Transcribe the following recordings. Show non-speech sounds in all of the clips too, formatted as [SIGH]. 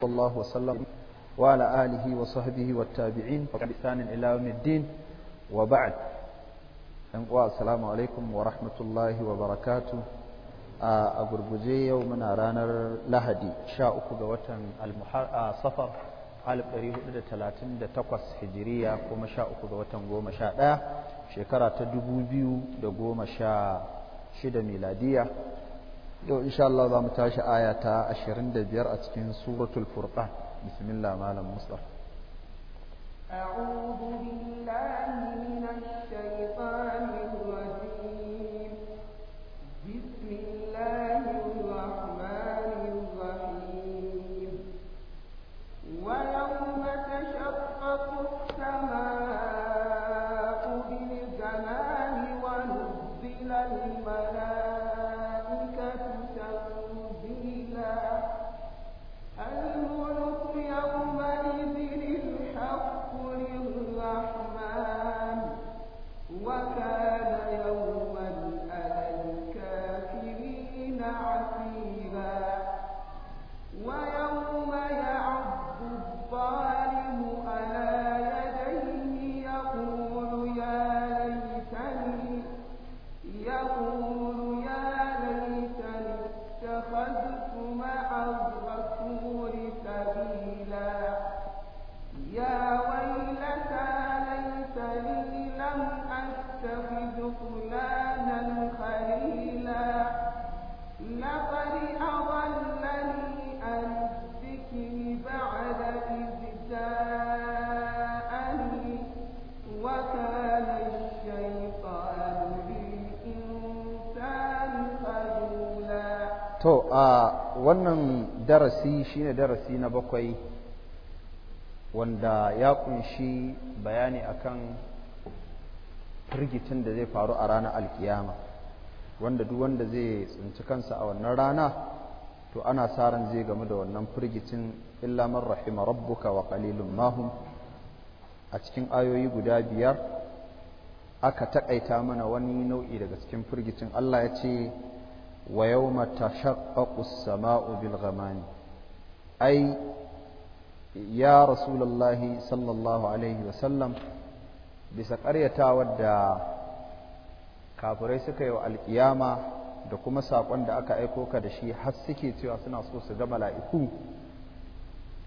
صلى الله وسلم وعلى آله وصحبه والتابعين بإحسان إلى يوم الدين وبعد السلام عليكم ورحمة الله وبركاته a agurguje yau muna ranar lahadi sha uku ga watan safar 1438 hijiriya kuma sha uku ga watan goma sha ɗaya shekara ta shida miladiya يو إن شاء الله ضم تاش آياتا أشرين دبير أتكين سورة الفرقة بسم الله ما لم مصدر أعوذ بالله من الشيطان الرجيم To, a wannan darasi shine darasi na bakwai wanda ya kunshi bayani akan firgitin da zai faru a ranar alkiyama, wanda duk wanda zai tsinci kansa a wannan rana, to ana sa ran zai gamu da wannan firgitin illa man rahima rabbuka wa kalilun mahum a cikin ayoyi guda biyar aka taƙaita mana wani nau'i daga cikin firgicin Allah ya ce wa yawma tashaqqaqu as-sama'u bil ghamami ai ya rasulullahi sallallahu alaihi wa sallam bisa ƙaryatawar da kafirai suka yi wa alƙiyama da kuma saƙon da aka aiko ka da shi har suke cewa suna so su ga mala'iku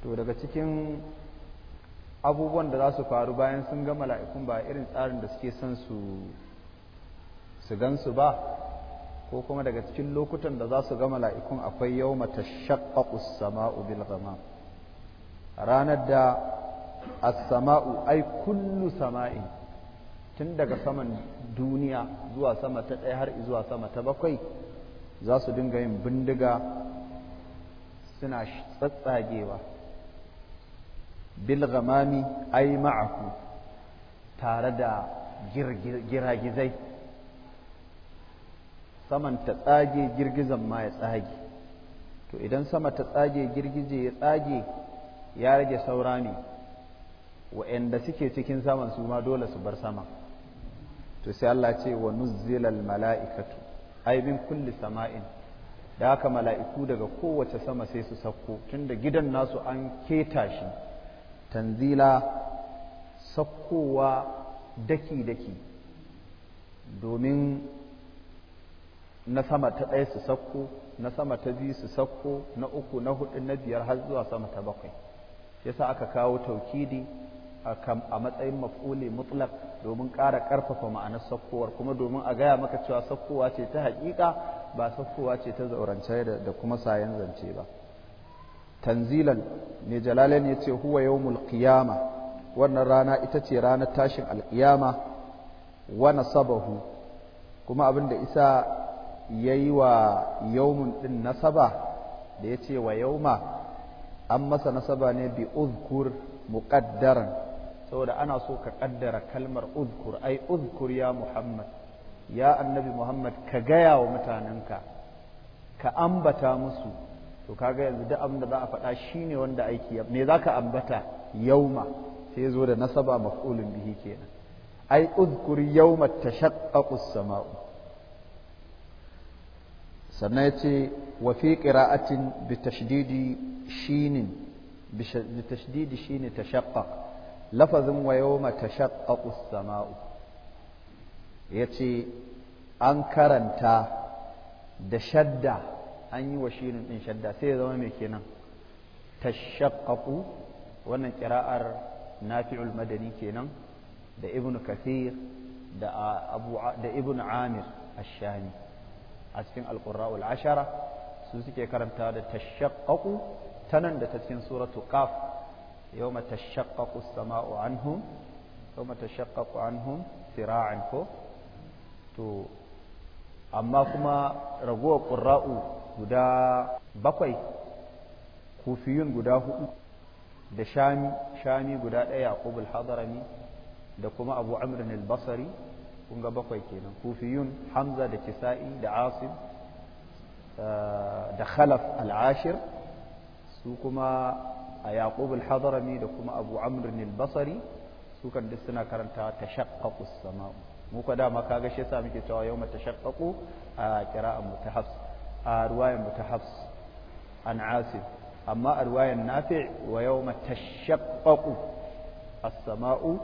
to daga cikin abubuwan da za su faru bayan sun ga mala'ikun ba irin tsarin da suke son su su gansu ba ko kuma daga cikin lokutan da za su ga mala'ikun akwai yau mata shaƙaƙu sama'u bilgama. ranar da a samau ai kullu sama'i tun daga saman duniya zuwa sama ta ɗaya har zuwa sama ta bakwai za su dinga yin bindiga suna tsatsagewa Bilgamami ai ma'aku tare da giragizai saman ta tsage girgizan ma ya tsage to idan sama ta tsage girgije ya tsage ya rage saura ne wa'anda suke cikin saman su ma dole su bar sama to sai Allah ce wa nuzzilal mala'ikatu ai bin kulli sama'in da haka mala'iku daga kowace sama sai su sakko tunda gidan nasu an keta shi tanzila sakkowa daki-daki domin na sama ta ɗaya su sakko na sama ta biyu su sakko na uku na hudu na biyar har zuwa sama ta bakwai yasa aka kawo taukidi a matsayin maf'uli mutlak domin ƙara ƙarfafa ma'anar sakkowar kuma domin a gaya maka cewa sakkowa ce ta haƙiƙa ba sakkowa ce ta zaurance da kuma sayan zance ba tanzilan ne jalalen ya ce huwa yau qiyama wannan rana ita ce ranar tashin alƙiyama wa nasabahu kuma abin da isa ya wa yaumun ɗin nasaba da ya ce wa yauma an masa nasaba ne bi uzkur muƙaddaran saboda ana so ka ƙaddara kalmar uzkur ai uzkur ya muhammad ya annabi muhammad ka gaya wa mutanenka ka ambata musu to kaga yanzu duk abin da za a faɗa shine wanda aiki me za ka ambata yauma sai zo da nasaba maf'ulun bihi kenan ai uzkur yauma tashaqqaqu as-sama'u sannan ya ce wa fi ƙira'atin bi tashdidi shinin bi tashdidi shine tashaqqaq lafazin wa yawma tashaqqaqu as-sama'u yace an karanta da shadda an yi wa shinin din shadda sai ya zama mai kenan tashaqqaqu wannan ƙira'ar nafi'ul madani kenan da ibnu kathir da abu da ibnu amir ash-shami a cikin alqurra'ul ashara su suke karanta da ta tanan da ta cikin suratu qaf yawma tashaqqaqu as-sama'u anhum yawma tashaqqaqu anhum sira'an ko to amma kuma ragowar ƙura'u guda bakwai kufiyun guda hudu da shami shami guda ɗaya a ƙubul hadarami da kuma abu amrin al kun ga bakwai kenan kufiyun hamza da kisa'i da asib eh, da khalaf al'ashir su kuma a yaqub al-hadrami da kuma abu amr al-basri su kan duk suna karanta tashaqqaqu as-sama'u mu ka dama kaga shi yasa muke cewa yawma tashaqqaqu a qira'an mutahafs a ruwayan mutahafs an asib amma a ruwayan nafi' wa yawma tashaqqaqu as-sama'u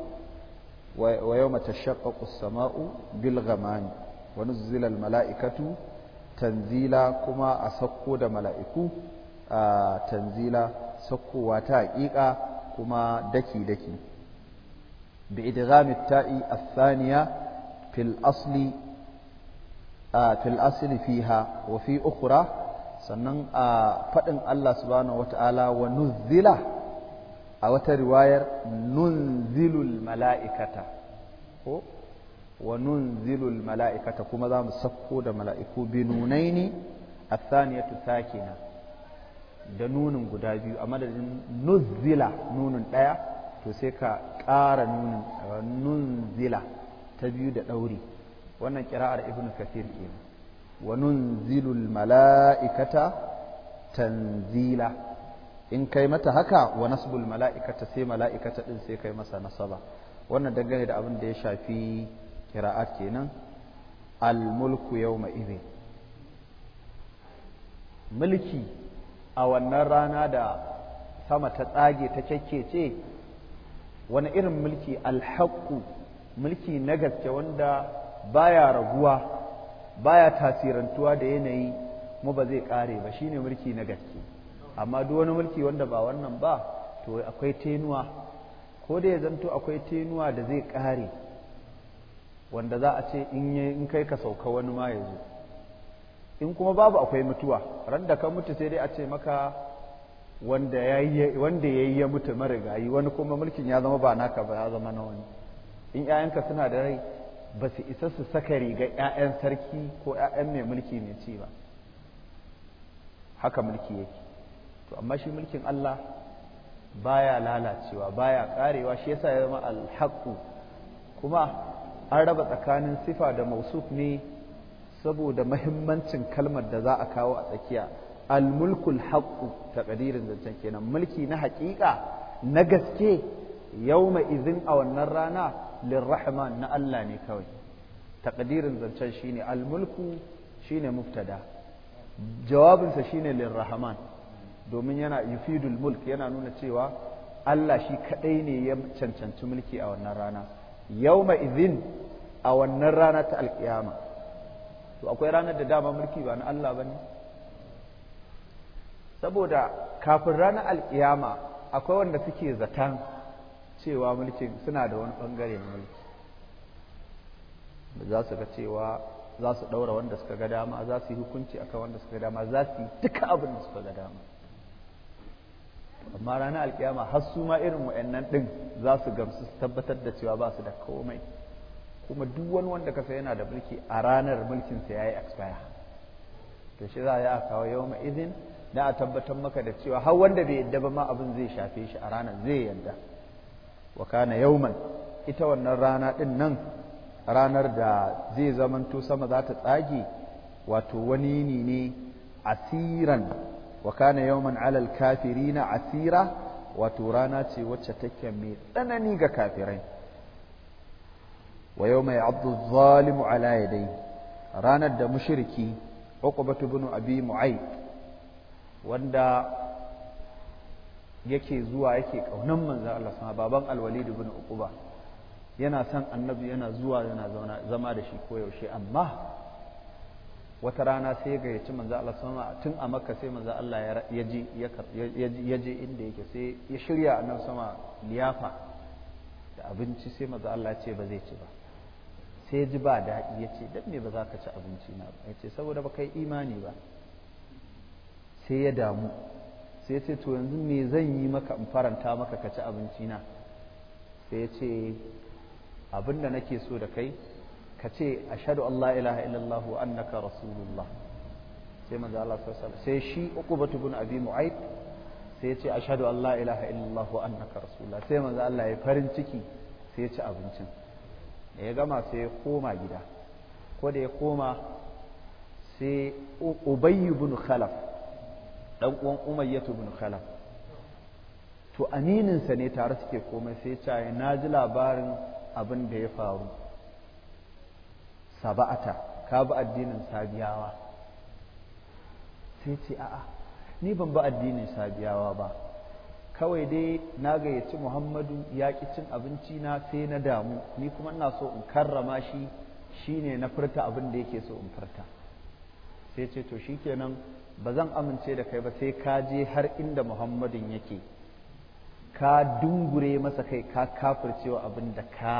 ويوم تشقق السماء بالغمام ونزل الملائكة تنزيلا كما أسقو دا ملائكو آه، تنزيلا سقو إيقا كما دكي دكي بإدغام التاء الثانية في الأصل آه، في الأصل فيها وفي أخرى سنن آه، فإن الله سبحانه وتعالى ونزله a wata riwayar nunzilul mala'ikata ko wa nunzilul mala'ikata kuma za mu sakko da mala'iku nunai ne a saniyatu sakina da nunin guda biyu a madadin nuzila nunin ɗaya to sai ka ƙara nunin nunzila ta biyu da ɗauri wannan kira'ar ibn kafir ke wa nunzilul mala'ikata tanzila in kai mata haka wa nasbul mala'ikata sai mala'ikata ɗin sai kai masa nasaba wannan dangane da abin da ya shafi kira'at kenan al-mulku yawma idhi mulki a wannan rana da sama ta tsage ta kyakkece wani irin mulki alhaƙu mulki na gaske wanda baya raguwa baya tasirantuwa da yanayi mu ba zai ƙare ba shine mulki na gaske amma duk wani mulki wanda ba wannan ba to akwai tenuwa ko da ya zanto akwai tenuwa da zai kare wanda za a ce in in kai ka sauka wani ma ya zo in kuma babu akwai mutuwa ran da ka mutu sai dai a ce maka wanda ya yi ya mutu marigayi wani kuma mulkin ya zama ba naka ba ya zama na wani in 'ya'yanka suna da rai ba su isa su saka riga 'ya'yan sarki ko 'ya'yan mai mulki mai ci ba haka mulki yake to amma shi mulkin Allah baya lalacewa baya karewa shi yasa ya zama alhaku kuma an raba tsakanin sifa da mausuf ne saboda mahimmancin kalmar da za a kawo a tsakiya almulkul haqqu taqdirin zancen kenan mulki na haƙiƙa na gaske yauma izin a wannan rana lirrahman na Allah ne kawai taqdirin zancen shine almulku shine mubtada jawabinsa shine lirrahman domin yana yufidul mulk yana nuna cewa Allah shi kadai ne ya cancanci mulki a wannan rana yau mai izin a wannan rana ta alkiyama to akwai ranar da dama mulki ba na Allah ne. saboda kafin ranar alkiyama akwai wanda suke zatan cewa mulkin suna da wani bangare na mulki za su ga cewa za su ɗaura wanda suka ga dama za su yi hukunci akan wanda suka ga dama za su yi duka abin da suka ga dama amma ranar alkiyama har su ma irin wa'annan ɗin za su gamsu su tabbatar da cewa ba su da komai kuma duk wani wanda kasa yana da mulki a ranar mulkinsa ya yi expire to shi za a yi a kawo yau ma izin na a tabbatar maka da cewa har wanda bai yadda ba ma abin zai shafe shi a ranar zai yadda wa kana yauman ita wannan rana ɗin nan ranar da zai zamanto sama za ta tsage wato wani ne asiran wa kana yawman alal kafirina asira wato rana ce wacce take mai tsanani ga kafirai wa yau mai adh-dhalimu ala yadayhi ranar da mushiriki uqbatu ibn abi mu'ayth wanda yake zuwa yake kaunan manzon Allah sama baban al ibn uqba yana son annabi yana zuwa yana zama da shi koyaushe amma wata rana sai ga ya manzo Allah sama tun a makka sai manzo Allah ya ji ya je inda yake sai ya shirya a nan sama liyafa da abinci sai manzo Allah ya ce ba zai ci ba sai ya ji ba daɗi ya ce dan me ba za ka ci abinci na ba ya ce saboda ba kai imani ba sai ya damu sai ya ce to yanzu me zan yi maka in faranta maka ka ci abinci na sai ya ce abin da nake so da kai ka ce a an ilaha illallah wa annaka rasulullah sai manzo Allah sallallahu sai shi uqbatu bin abi mu'ayd sai ya ilaha illallah wa annaka rasulullah sai manzo Allah ya farin ciki sai ya ci abincin da ya gama sai ya koma gida ko da ya koma sai ubay ibn khalaf dan uwan umayyah ibn khalaf to amininsa ne tare suke komai sai ya ce na ji labarin abin da ya faru saba'ata ka bi addinin sabiyawa sai ce a'a ni ban bi addinin sabiyawa ba kawai dai na gayyaci muhammadu ya ƙi cin abinci na sai na damu ni kuma ina so in karrama shi shine na furta abin da yake so in furta sai ce to shikenan ba zan amince da kai ba sai ka je har inda muhammadin yake ka dungure masa kai ka kafircewa abin da ka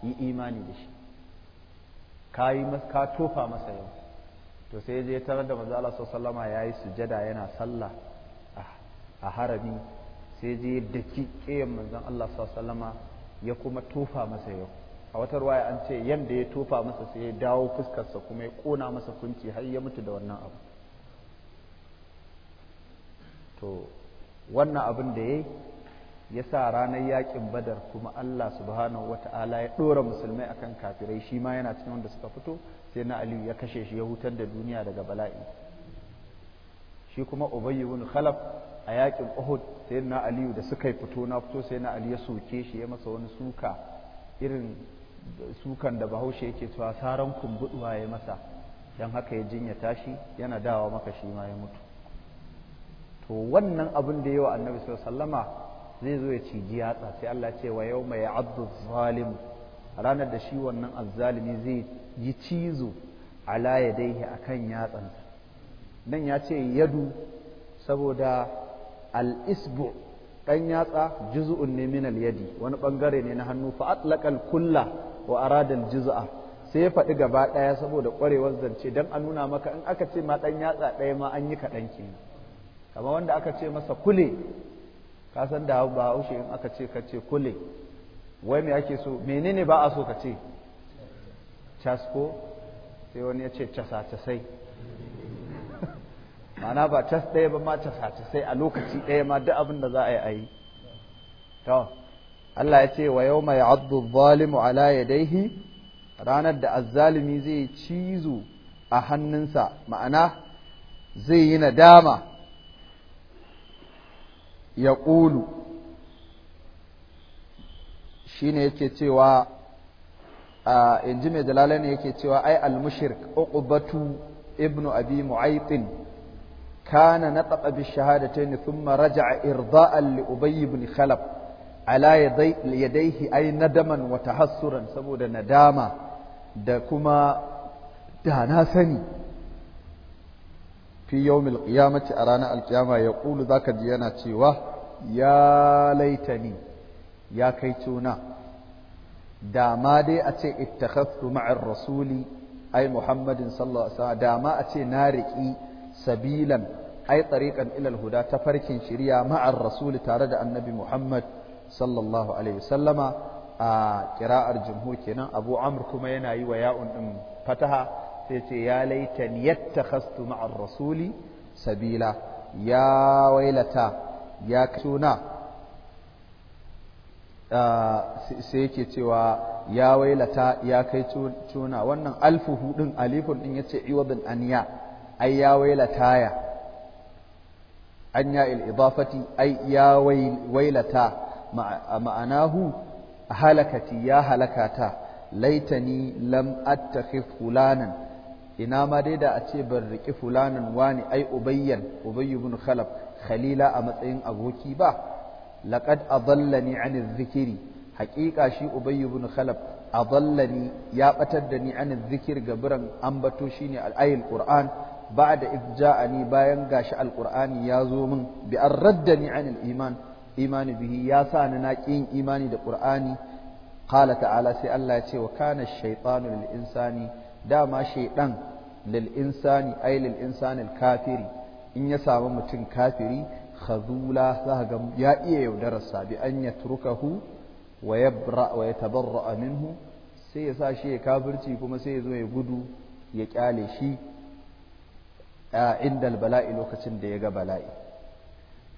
yi imani da shi ka ka tofa masa yau to sai je tarar da manzo Allah sallama yayi sujada yana sallah a harami sai je daki kiyan manzon Allah sallama ya kuma tofa masa yau a wata ruwaya an ce yanda ya tofa masa sai ya dawo fuskarsa kuma ya kona masa kunci har ya mutu da wannan abu to wannan abin da yayi ya sa ranar yakin badar kuma Allah subhanahu wata'ala ya ɗora musulmai akan kafirai shi ma yana cikin wanda suka fito sai na aliyu ya kashe shi ya hutar da duniya daga bala'i shi kuma ubayyu wani khalaf a yakin uhud sai na aliyu da suka fito na fito sai na aliyu ya soke shi ya masa wani suka irin sukan da bahaushe yake cewa saran kumbuduwa ya masa don haka ya jinya tashi yana dawa maka shi ma ya mutu to wannan abin da yawa annabi sallallahu alaihi wasallama zai zo ya ciji yatsa sai Allah ce wa yau mai abdu zalim ranar da shi wannan azzalimi zai yi cizo ala ya daihe a kan yatsansa nan ya ce yadu saboda al'isbu ɗan yatsa juzu'un ne min yadi wani ɓangare ne na hannu fa kulla wa aradal juz'a sai ya faɗi gaba ɗaya saboda ƙwarewar zance don a nuna maka in aka ce ma ɗan yatsa ɗaya ma an yi kaɗan kenan kamar wanda aka ce masa kule ka san da ba haushe in aka ce ka ce kule wai me ake so menene ba a so ka ce casko sai wani ya ce casa-casai [LAUGHS] ma'ana ba cas ɗaya ba ma casa-casai a lokaci ɗaya ma duk abin da za a yi a yi to Allah ya ce wa yau mai abdu zalimu ala daihi ranar da azzalimi zai cizo a hannunsa ma'ana zai yi nadama ya ƙulu shi ne yake cewa in ji mai jalala ne yake cewa ai almushirk uqbatu ibnu abi mu'aytin kana nataqa bi shahadatayn thumma raja'a irda'an li ubay ibn khalaf ala yadayhi ay nadaman wa tahassuran saboda nadama da kuma da na sani fi yawmil qiyamati a ranar alkiyama ya ƙulu ka ji yana cewa ya laitani ya kai tuna da ma dai a ce ittakhadtu ma'ar rasuli ai muhammadin sallallahu alaihi wasallam da ma a ce na riƙi sabilan ai tsariƙan ilal huda ta farkin shirya ma'ar rasuli tare da annabi muhammad sallallahu alaihi wasallama a ƙira'ar jumhur kenan abu amr kuma yana yi wa ya'un ɗin fataha sai ce ya laitani yattakhastu ma'ar rasuli sabila ya wailata ya kasuna ah, sai yake cewa ya wailata ya kai tuna wannan alfu hudun alifun din ya yace iwadun aniya ai ya wailata ya anya il idafati ai ya wailata ma'anahu halakati ya halakata laitani lam attakhif fulanan ina ma dai da a ce ban riƙi fulanin wani ai ubayyan ubayy ibn khalaf khalila a matsayin aboki ba laqad adallani an zikiri haƙiƙa shi ubayy khalab khalaf adallani ya batar da ni an zikir gaburan ambato shine al-ayil qur'an ba'da idja'ani bayan gashi al-qur'ani ya zo min bi an raddani an al-iman imani bihi ya sa ni na ƙin imani da qur'ani qala ta'ala sai Allah ya ce wa kana shaytanu lil insani dama shaidan lil insani ay lil insani kafiri in ya samu mutum kafiri khazula za ga ya iya yaudararsa bi an yatrukahu wa yabra wa yatabarra minhu sai ya sa shi ya kafirci kuma sai ya zo ya gudu ya kyale shi a indal bala'i lokacin da ya ga bala'i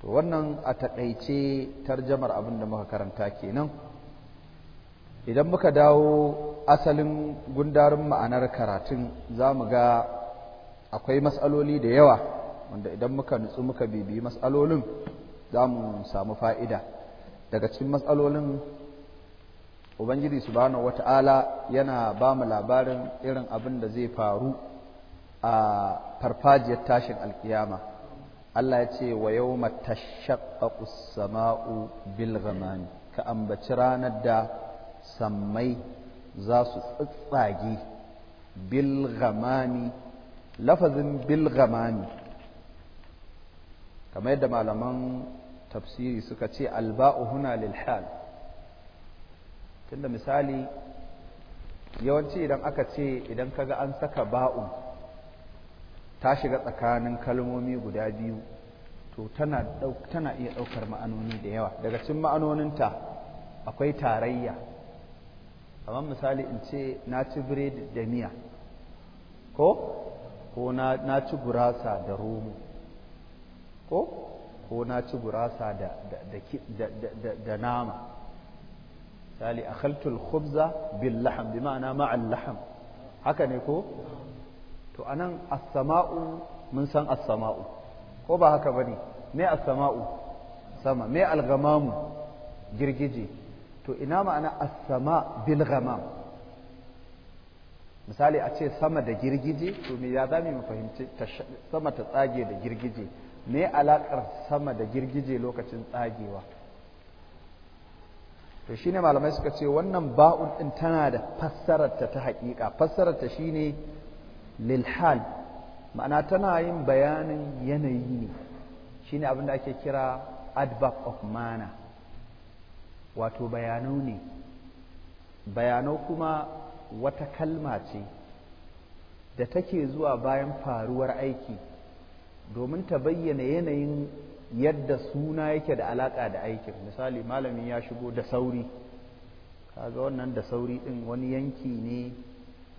to wannan a taƙaice tarjamar abin da muka karanta kenan idan muka dawo asalin gundarin ma'anar karatun za mu ga akwai matsaloli da yawa wanda idan muka nutsu muka bibiyi matsalolin za mu samu fa'ida daga cikin matsalolin ubangiji subhanahu wata'ala yana ba mu labarin irin abin da zai faru a farfajiyar tashin alkiyama Allah ya ce wa yau tashaqqaqu sama'u bilgamani ka ambaci ranar da sammai za su tsitsage bil lafazin bil kamar yadda malaman tafsiri suka ce alba'u huna lilhal tunda misali yawanci idan aka ce idan kaga an saka ba'u ta shiga tsakanin kalmomi guda biyu to tana iya ɗaukar ma'anoni da yawa daga cin ma'anoninta akwai tarayya kamar misali in ce na ci biredi da miya ko ko na ci gurasa da romo ko ko na ci gurasa da nama misali akhaltul khubza bil laham bi ma'ana ma'an laham haka ne ko to anan as-sama'u mun san as ko ba haka bane me as-sama'u sama me al-ghamamu girgije to ina ma'ana asama sama misali a ce sama da girgije to me ya zami mu fahimci sama ta tsage da girgije me alakar sama da girgije lokacin tsagewa to shine malamai suka ce wannan ba'un ɗin tana da fassararta ta haƙiƙa Fassararta ta shine lil ma'ana tana yin bayanin yanayi ne shine abin da ake kira adverb of manner wato bayanau ne bayanau kuma wata kalma ce da take zuwa bayan faruwar aiki domin ta bayyana yanayin yadda suna yake da alaƙa da aikin misali malamin ya shigo da sauri kaga wannan da sauri ɗin wani yanki ne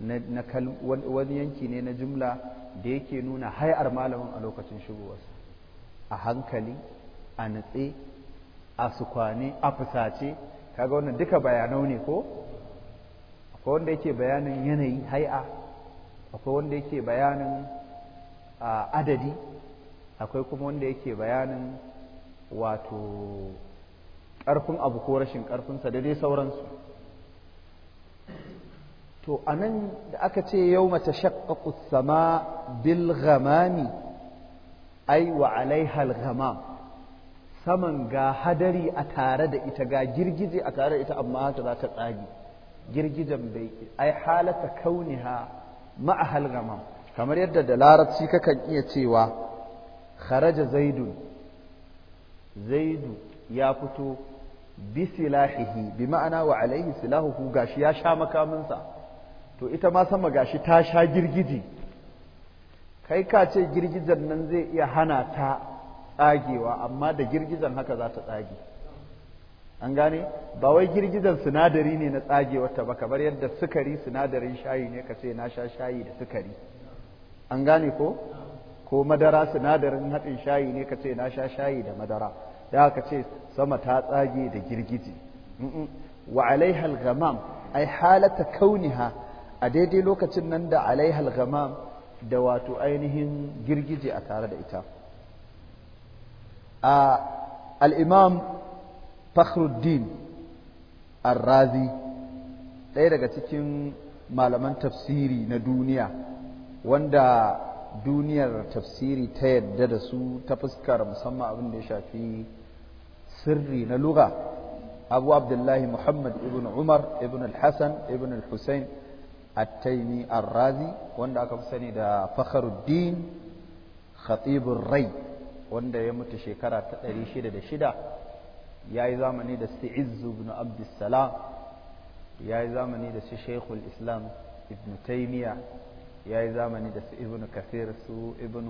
na wani yanki ne na jumla da yake nuna hayar malamin a lokacin shigowarsa a hankali a natse. a sukwane a fusace kaga wannan duka bayanau ne ko akwai wanda yake bayanin yanayi hai'a akwai wanda yake bayanin adadi akwai kuma wanda yake bayanin wato ƙarfin abu ko rashin ƙarfinsa da dai sauransu to a nan da aka ce yau mace shakka sama bil ghamami ai wa alaihal ghamam saman ga hadari a tare da ita ga girgije a tare da ita amma haka za ta tsage girgijen bai ai halata kauniha ma'ahal gamam kamar yadda da larabci kakan iya cewa kharaja zaidun zaidu ya fito bi silahihi bi ma'ana wa alaihi silahuhu gashi ya sha makaminsa to ita ma sama gashi ta sha girgije kai ka ce girgijen nan zai iya hana ta tsagewa amma da girgizan haka za ta tsage an gane ba wai girgizan sinadari ne na tsagewar ta ba kamar yadda sukari sinadarin shayi ne ka ce na sha shayi da sukari an gane ko ko madara sinadarin haɗin shayi ne ka ce na sha shayi da madara da ka ce sama ta tsage da girgiji wa alaihal ghamam ai halata kauniha a daidai lokacin nan da alaihal ghamam da wato ainihin girgije a tare da ita al'imam fakhruddin arrazi ɗaya daga cikin malaman tafsiri na duniya wanda duniyar tafsiri ta yadda da su ta fuskar musamman abin da ya shafi sirri na lugha abu abdullahi muhammad ibn umar ibn al-hassan ibn al-hussein at-taimi razi wanda aka fi sani da Fakhruddin khatibur rai wanda ya mutu shekara ta ɗari shida da shida ya yi zamani da su izzu ibn abdussalam ya yi zamani da su shekul islam ibn taimiya ya yi zamani da su ibn kafir su ibn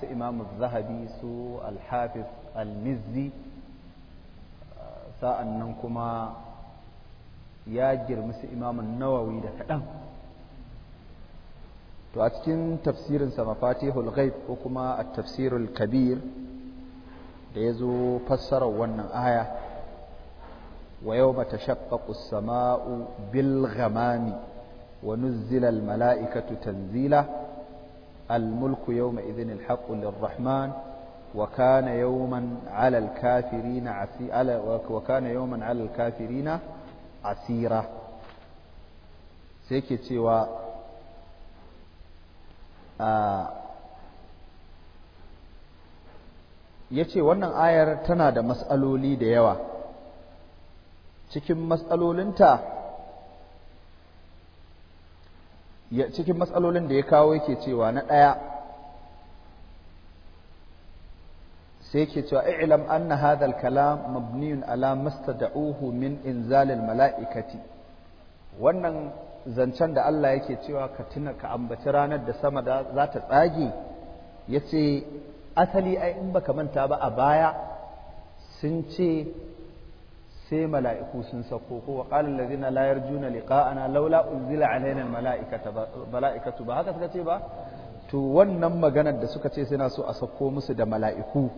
su imam zahabi su alhafiz almizzi sa'an nan kuma ya girmi su imamun nawawi da kaɗan to a cikin tafsirin sa mafatihul ghaib ko kuma at tafsirul kabir da yazo zo fassarar wannan aya wa yau mata as sama'u bil ghamami wa nuzzila al mala'ikatu tanzila al al mulku yawma idhin lir rahman wa kana yawman 'ala al kafirina 'asira wa kana yawman 'ala al kafirina 'asira sai ke cewa Ah, ya ce wannan ayar tana da matsaloli da yawa cikin matsalolinta cikin matsalolin da ya kawo yake cewa na ɗaya sai yake cewa i'lam anna hadha kalam mabniyun ala mastada'uhu min inzalil mala'ikati wannan zancen da Allah yake cewa ka tuna ka ambaci ranar da sama da za ta tsage ya ce asali ai in baka manta ba a baya sun ce sai mala'iku sun sako ko wa qala layar juna liƙa, ana laula unzila alaina mala'ikatu ba haka suka ce ba to wannan maganar da suka ce suna so a sako musu da mala'iku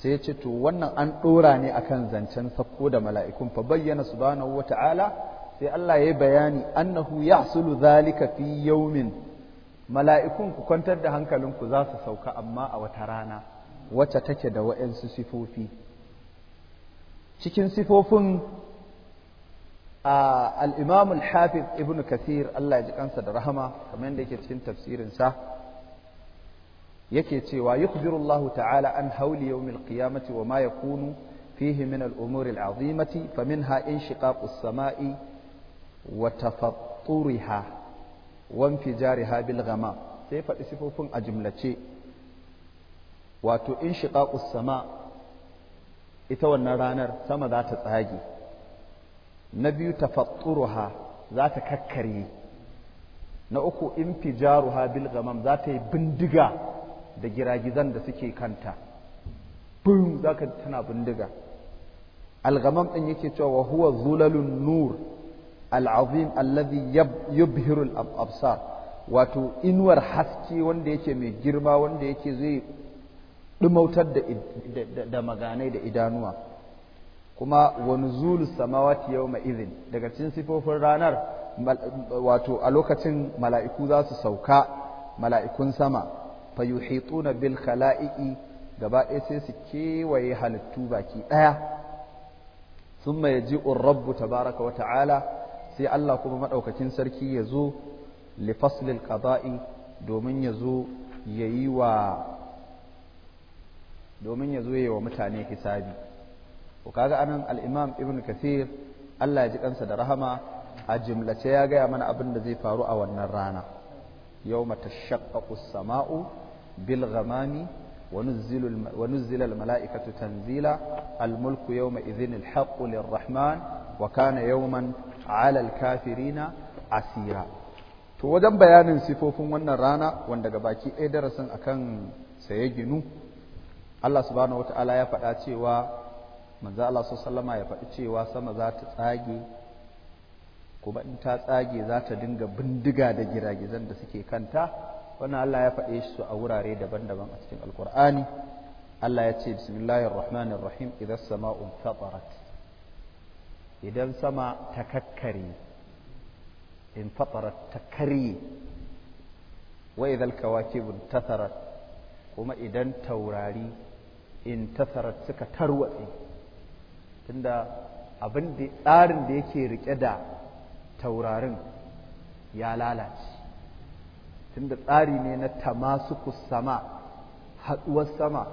sai ce to wannan an ɗora ne akan zancen sako da mala'ikun fa bayyana subhanahu wata'ala sai Allah ya yi bayani annahu yahsulu zalika fi yawmin mala'ikun ku kwantar da hankalinku za su sauka amma a wata rana wacce take da wa'ansu sifofi cikin sifofin al-Imam al-Hafiz Ibn Kathir Allah ya ji kansa da rahama kamar yadda yake cikin tafsirin sa yake cewa yukhbiru Allah ta'ala an hauli yaumil qiyamati wa ma yakunu fihi min al-umuri al-azimati faminha inshiqaqu as-sama'i wa wan fi infijariha bil ghama sai faɗi sifofin a jumlace wato in shiqaqus sama ita wannan ranar sama za ta tsage na biyu tafatturuha za ta kakkarye na uku infijaruha bil ghamam za ta yi bindiga da giragizan da suke kanta bum za ka tana bindiga algamam ɗin yake cewa huwa zulalun nur al'azim alladhi yubhiru al-absar wato inuwar haske wanda yake mai girma wanda yake zai dumautar da da maganai da idanuwa kuma wa nuzulu samawati yawma idhin daga cikin sifofin ranar wato a lokacin mala'iku za su sauka mala'ikun sama na bil khala'iqi gaba ɗaya sai su kewaye halittu baki ɗaya sun mai ji rabbu tabaraka wa ta'ala sai Allah kuma madaukakin sarki ya zo li lifaslil qada'i domin ya zo yayi wa domin ya zo yayi wa mutane hisabi ko kaga anan al-imam ibn kathir Allah ya ji kansa da rahama a jumlace ya ga mana abin da zai faru a wannan rana yawma tashaqqaqu as-sama'u bil ghamami wa al-mala'ikatu al tanzila ونزل الملائكة تنزيلا الملك يومئذ الحق للرحمن وكان يوما alal kafirina asira to wajen bayanin sifofin wannan rana wanda ga baki ɗaya darasin akan saye ginu Allah subhanahu wata'ala ya faɗa cewa manzo Allah sallama ya faɗi cewa sama za ta tsage kuma in ta tsage za ta dinga bindiga da giragizan da suke kanta wannan Allah ya faɗe su a wurare daban-daban a cikin alkur'ani Allah ya ce bismillahir rahmanir rahim idza sama'un fatarat idan sama ta kakkare in fatarat ta karye wa idal kawakibun tasarat kuma idan taurari in tasarat suka tarwatse tunda abin da tsarin da yake rike da taurarin ya lalace tunda tsari ne na tamasukus sama haɗuwar sama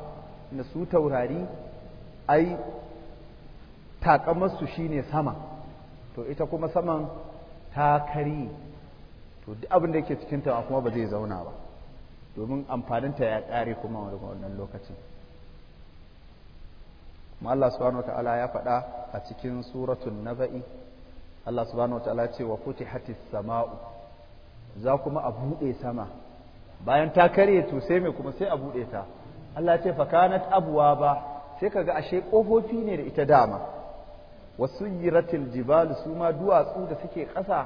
na su taurari ai takamarsu ne sama to ita kuma saman ta kari to duk abin da yake cikin ta kuma ba zai zauna ba domin amfaninta ya ƙare kuma wannan lokacin kuma Allah subhanahu wataala ya faɗa a cikin suratul naba'i Allah subhanahu wataala ce wa futihatis sama'u za kuma a buɗe sama bayan ta karye to sai mai kuma sai a buɗe ta Allah ce fakanat abuwa ba sai kaga ashe kofofi ne da ita dama wasuyiratil jibal su ma duwatsu da suke ƙasa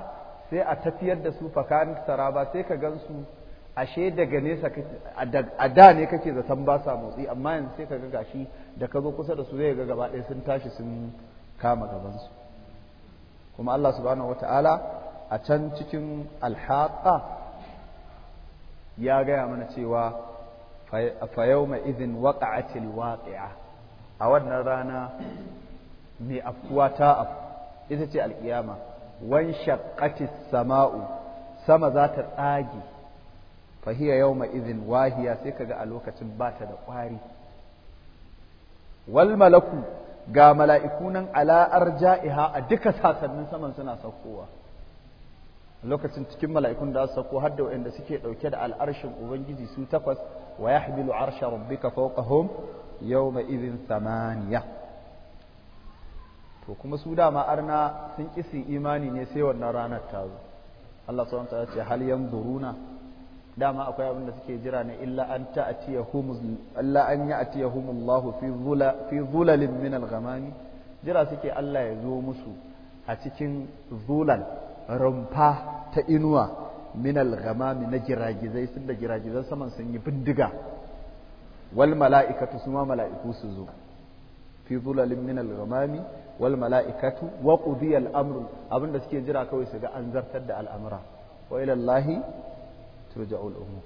sai a tafiyar da su fakarin saraba sai ka gansu ashe daga nesa a da ne kake zaton ba sa motsi amma yanzu sai ka ga gashi da ka zo kusa da su zai ga gaba ɗaya sun tashi sun kama gabansu kuma Allah subhanahu wata'ala a can cikin alhaqa ya gaya mana cewa fa yawma idhin waqa'atil waqi'a a wannan rana mai afkuwa ta afu ita ce alkiyama wan shaqqatis sama'u sama za ta tsage fahiya yawma izin wahiya sai kaga a lokacin ba ta da ƙwari wal malaku ga mala'iku nan jaiha a duka sasannin saman suna saukowa lokacin cikin mala'ikun da su sauko har da waɗanda suke ɗauke da al'arshin ubangiji su takwas wa yahmilu arsha rabbika yau yawma izin samaniya. to kuma su dama arna sun kisi imani ne sai wannan ranar ta zo Allah subhanahu wa ta'ala ce hal yanzuruna dama akwai abin da suke jira ne illa an ta'tiyahum Allah an ya'tiyahum Allah fi dhula fi dhulalin min al-ghamami jira suke Allah ya zo musu a cikin zulal rumfa ta inuwa min al-ghamami na giragizai sun da giragizan saman sun yi bindiga wal mala'ikatu suma mala'iku su zo fi dhulalin min al-ghamami wal mala'ikatu wa abinda suke jira kawai su ga an zartar da al'amura wa ila Allah turja'ul umur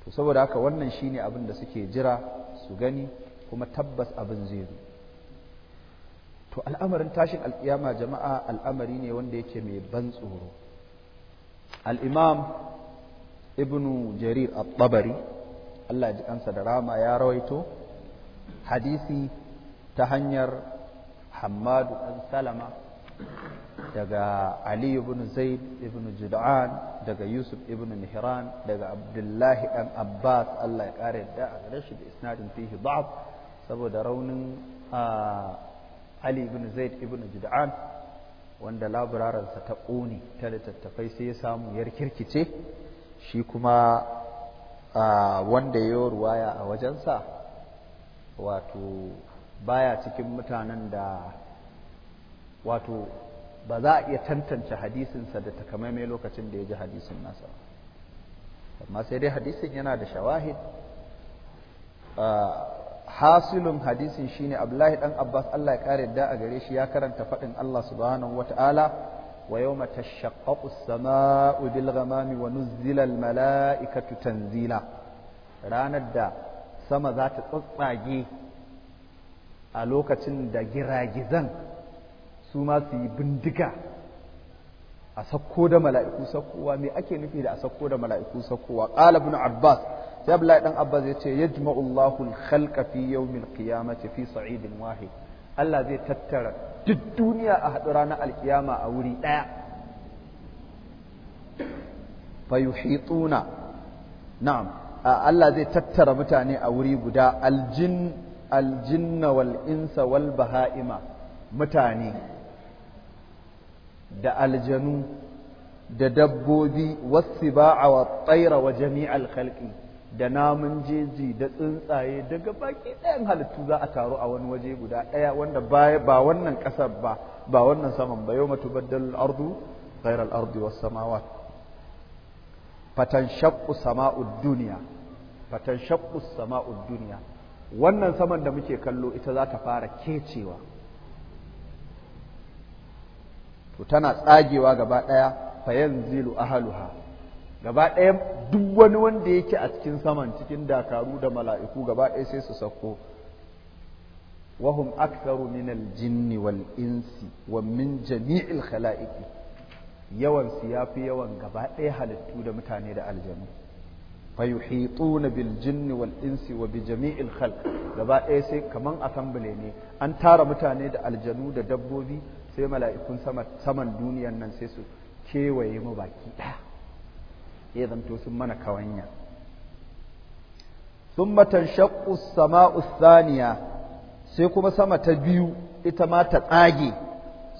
to saboda haka wannan shine abin da suke jira su gani kuma tabbas abin zai zo to al'amarin tashin alkiyama jama'a al'amari ne wanda yake mai ban tsoro imam ibnu jarir at-tabari Allah ji kansa da rama ya rawaito hadisi ta hanyar hamadu ɗan salama daga ali ibn zaid ibn jud'an daga yusuf ibn mihran daga abdullahi ɗan abbas allah ya ƙara yadda a gare shi da isnadin fihi saboda raunin ali ibn zaid ibn jud'an wanda labararsa ta ƙone ta littattafai sai ya samu yar kirkice shi kuma wanda ya ruwaya a wajensa wato baya cikin mutanen da wato ba za a iya tantance hadisinsa da takamaimai lokacin da ya ji hadisin nasa amma sai dai hadisin yana da shawahid hasilun hadisin shine Abdullahi dan Abbas Allah ya kare da a gare shi ya karanta faɗin Allah subhanahu wataala wa yau mata as sama bil ghamami wa nuzzila al tanzila ranar da sama za ta tsatsage a lokacin da giragizan su ma su yi bindiga a sakko da mala'iku sakkowa me ake nufi da a sakko da mala'iku sakkowa qala abbas sai abdullahi dan abbas yace ce allahu al-khalqa fi yawm al-qiyamati fi sa'idin wahid Allah zai tattara duk duniya a haɗu ranar alkiyama a wuri ɗaya fa yuhituna na'am Allah zai tattara mutane a wuri guda aljin aljinna wal insa wal baha'ima mutane da aljanu da dabbobi wasiba'a wa tsaira wa jami'al khalqi da namun jeji da tsuntsaye daga baki ɗayan halittu za a taru a wani waje guda ɗaya wanda ba wannan ƙasar ba ba wannan saman ba yau matu baddal ardu ghairal ardi was samawat fatan sama'ud duniya fatan sama'ud duniya wannan saman da muke kallo ita za ta fara kecewa to tana tsagewa gaba daya fayanzilu ahluha gaba ɗaya duk wani wanda yake a cikin saman cikin dakaru da mala'iku gaba ɗaya sai su sako وهم أكثر من insi, wa min جميع الخلائق yawan su fi yawan gaba ɗaya halittu da mutane da aljanu fayuhituna bil jinni wal insi wa bi jami'il khalq gaba ɗaya sai kaman assembly ne an tara mutane da aljanu da dabbobi sai mala'ikun saman duniyan nan sai su kewaye mu baki ɗaya ya zanto sun mana kawanya matan shakku sama الثانية sai kuma sama ta biyu ita ma ta tsage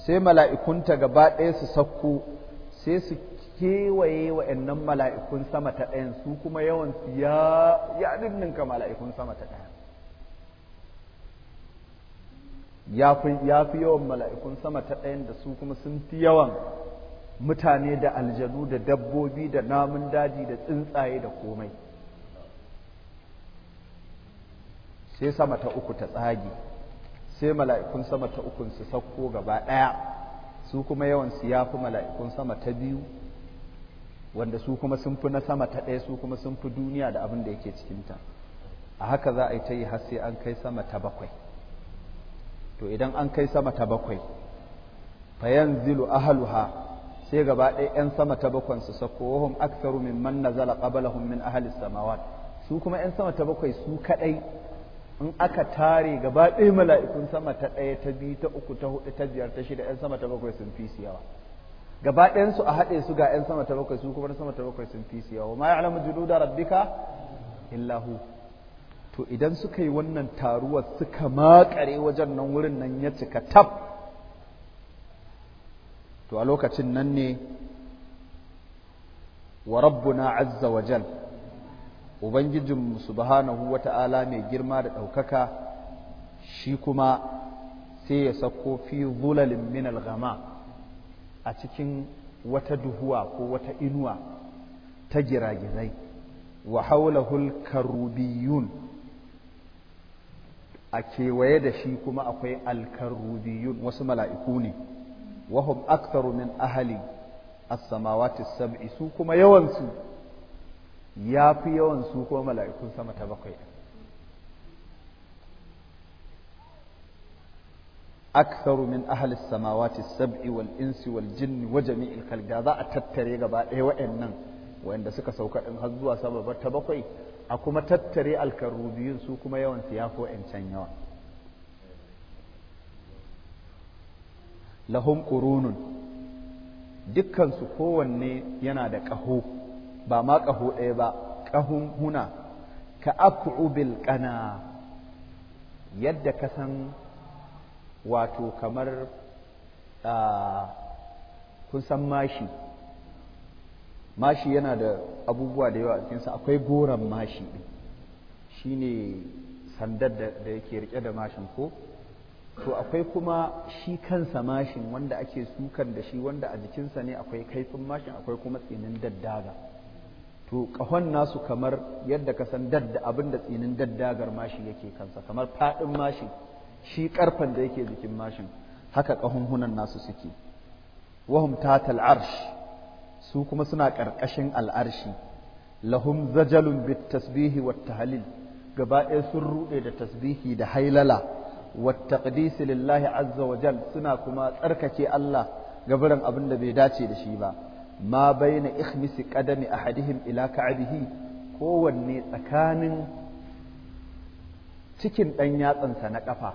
sai mala'ikunta gaba ɗaya su sakko sai su kewaye wa'annan mala'ikun sama ta ɗayan su kuma yawan su ya ya mala'ikun sama ta ɗayan ya fi yawan mala'ikun sama ta ɗayan da su kuma sun fi yawan mutane da aljanu da dabbobi da namun daji da tsuntsaye da komai sai sama ta uku ta tsage sai mala'ikun sama ta ukun su sakko gaba ɗaya su kuma yawan su ya fi mala'ikun sama ta biyu wanda su kuma sun fi na sama ta ɗaya su kuma sun fi duniya da abin da yake cikinta a haka za a yi ta yi har sai an kai sama ta bakwai to idan an kai sama ta bakwai fayan zilu ahaluha sai gaba ɗaya 'yan sama ta bakwansu su sako wahum aksaru min man nazala qablahum min ahli samawat su kuma 'yan sama ta bakwai su kaɗai in aka tare gaba ɗaya mala'ikun sama ta ɗaya ta biyu ta uku ta hudu ta biyar ta shida 'yan sama ta bakwai sun fi su yawa gaba ɗayansu a haɗe su ga 'yan sama ta bakwai su kuma sama ta bakwai sun fi su yawa ma ya'lamu da rabbika illahu to idan suka yi wannan taruwa suka makare wajen nan wurin nan ya cika tab to a lokacin nan ne wa rabbuna azza wa jalla ubangijinmu subhanahu ala mai girma da ɗaukaka shi kuma sai ya sako fi zulalin min gama. a cikin wata duhuwa ko wata inuwa ta giragizai wa haulahul karubiyun a kewaye da shi kuma akwai alkarubiyun wasu mala'iku ne wahum aktaru min ahali as-samawati sab'i su kuma yawansu ya fi yawan su ko mala'ikun sama ta bakwai aktharu min ahli samawati sab'i wal insi wal jinni wa jami'il da za a tattare gaba ɗaya waɗannan waɗanda suka sauka ɗin har zuwa sama ta bakwai a kuma tattare biyun su kuma yawan su ya fi yawa lahum qurunun dukkan su kowanne yana da ƙaho ba ma ƙaho ɗaya ba ƙahun huna ka aku'ubil ƙana yadda ka san wato kamar kun san mashi mashi yana da abubuwa da yawa a cikinsa akwai goron mashi ɗin shi ne sandar da yake rike da mashin ko to akwai kuma shi kansa mashin wanda ake sukan da shi wanda a jikinsa ne akwai kaifin mashin akwai kuma tsinin daddaga to ƙahon nasu kamar yadda ka san dadda abin da tsinin daddagar mashi yake kansa kamar faɗin mashi shi ƙarfen da yake jikin mashin haka ƙahunhunan nasu suke wahum tatal arsh su kuma suna ƙarƙashin al'arshi lahum zajalun bit tasbihi wat tahlil gaba ɗaya sun ruɗe da tasbihi da hailala wat taqdisi lillahi azza wa jal suna kuma tsarkake Allah gabaran abin da bai dace da shi ba ma baina ikhmisi qadami ahadihim ila ka'abihi kowanne tsakanin cikin ɗan yatsansa na ƙafa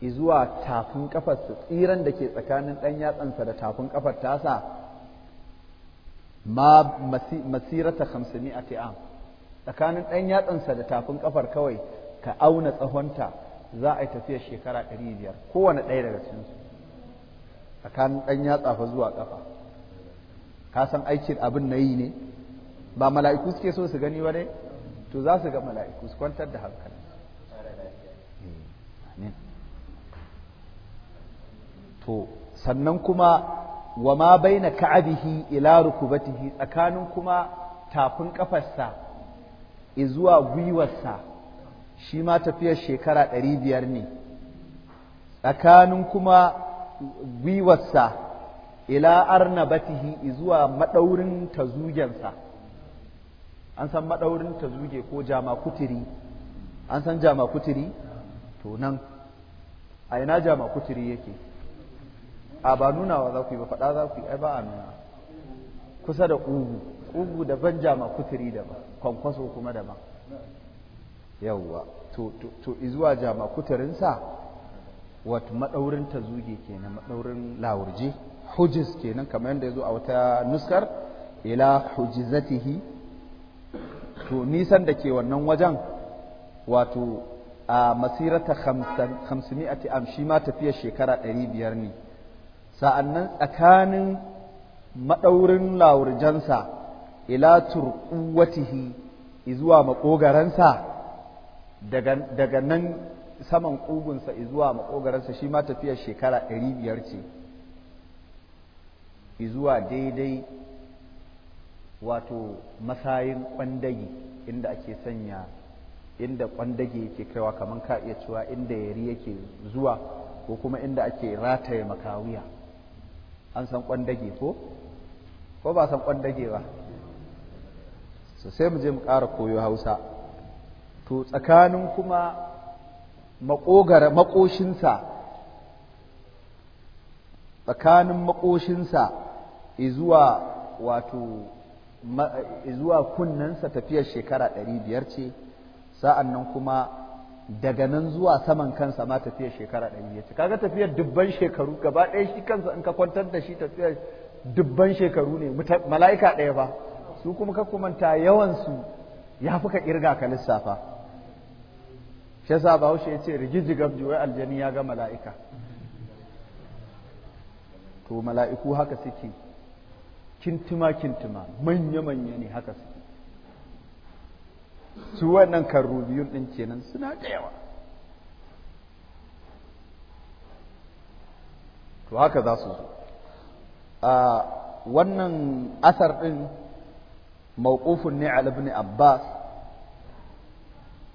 izuwa tafin ƙafarsa tsiran da ke tsakanin ɗan yatsansa da tafin ƙafar tasa ma masirata hamsini a am tsakanin ɗan yatsansa da tafin ƙafar kawai ka auna tsahonta za a yi tafiyar shekara ɗari biyar kowane ɗaya daga cikinsu tsakanin ɗan yatsa zuwa ƙafa ka san aikin abin na yi ne ba mala'iku suke so su gani wane to za su ga mala'iku su kwantar da hankali eh, to sannan kuma wa ma bai baina ka'abihi ila rukubatihi tsakanin kuma tafin kafarsa izuwa gwiwarsa shi ma tafiyar shekara ɗari biyar ne tsakanin kuma gwiwarsa ila arnabatihi zuwa madaurin tazugensa an san madaurin zuge ko jama kuturi an san jama kuturi to nan a ina jama kuturi yake a ba nunawa za ku yi ba faɗa za ku yi ai ba a nuna kusa da ƙugu ƙugu daban jama kuturi daban kwankwaso kuma daban yawwa to to izuwa jama kuturinsa wato madaurin tazuge kenan madaurin lawurje hujiz kenan kamar yadda ya zo a wata nuskar ila hujizatihi to nisan da ke wannan wajen wato a masirata a am shi ma tafiya shekara ɗari biyar ne sa'annan tsakanin maɗaurin laurijansa ila turkuwatihi izuwa maƙogaransa daga nan saman ƙugunsa izuwa maƙogaransa shi ma tafiya shekara ɗari biyar ce zuwa daidai wato masayin kwandage inda ake sanya inda kwandage yake kaiwa kamar ka iya cewa inda yari yake zuwa ko kuma inda ake rataye makawiya an san kwandage ko ko ba san kwandage ba so sai mu je mu ƙara koyo hausa to tsakanin kuma maƙogara maƙoshinsa tsakanin maƙoshinsa izuwa wato izuwa kunnensa tafiyar shekara ɗari biyar ce sa'an nan kuma daga nan zuwa saman kansa ma tafiyar shekara ɗari biyar ce kaga tafiyar dubban shekaru gaba ɗaya shi kansa in ka kwantar da shi tafiyar dubban shekaru ne mala'ika ɗaya ba su kuma ka kumanta yawansu ya fi ka kirga ka lissafa shi sa ba ya ce rigiji gabji wai aljani ya ga mala'ika to mala'iku haka suke Kintima kintima manya manya ne haka su su wannan karubiyun din kenan suna da yawa to haka za su a wannan asar din mawqufun ne ala ibn abbas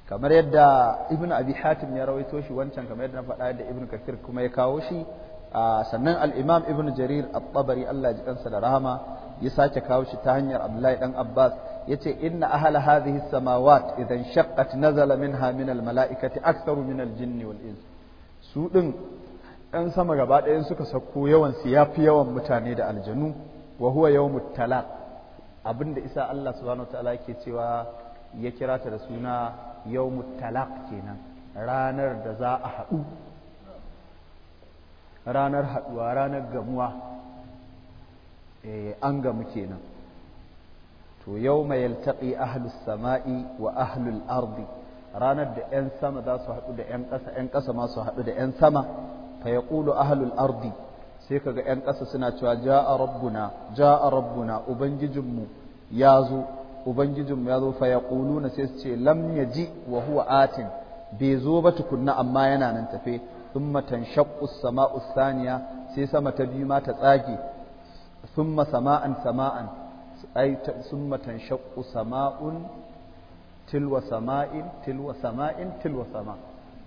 kamar yadda ibn abi hatim ya rawaito shi wancan kamar yadda na faɗa da ibn kathir kuma ya kawo shi sannan al-imam ibn jarir a tabari Allah ji kansa da rahama ya sake kawo shi ta hanyar abdullahi ɗan abbas ya ce inna ahla hadhihi as-samawat idan shaqqat nazala minha min al-mala'ikati aktharu min al-jinni wal ins su din ɗan sama gaba ɗayan suka sauko yawan su yafi yawan mutane da aljanu wa huwa yawmut talaq abinda isa Allah subhanahu wa ta'ala yake cewa ya kira ta da suna yawmut talaq kenan ranar da za a haɗu ranar haɗuwa ranar gamuwa eh, an gamu kenan to yau mai yaltaƙi ahlus sama'i wa ahlul ardi ranar da 'yan sama za su haɗu da 'yan ƙasa 'yan ƙasa ma su haɗu da 'yan sama fa ya ƙulu ahlul ardi sai kaga 'yan ƙasa suna cewa ja'a rabbuna ja'a rabbuna ubangijinmu ya zo ubangijinmu ya zo fa ya ƙulu na sai su ce lam ya ji wa huwa atin bai zo ba tukunna amma yana nan tafe thumma tanshaqqu as-sama'u thaniya sai sama ta biyu ma ta tsage thumma sama'an sama'an ay thumma tanshaqqu sama'un tilwa sama'in tilwa sama'in tilwa sama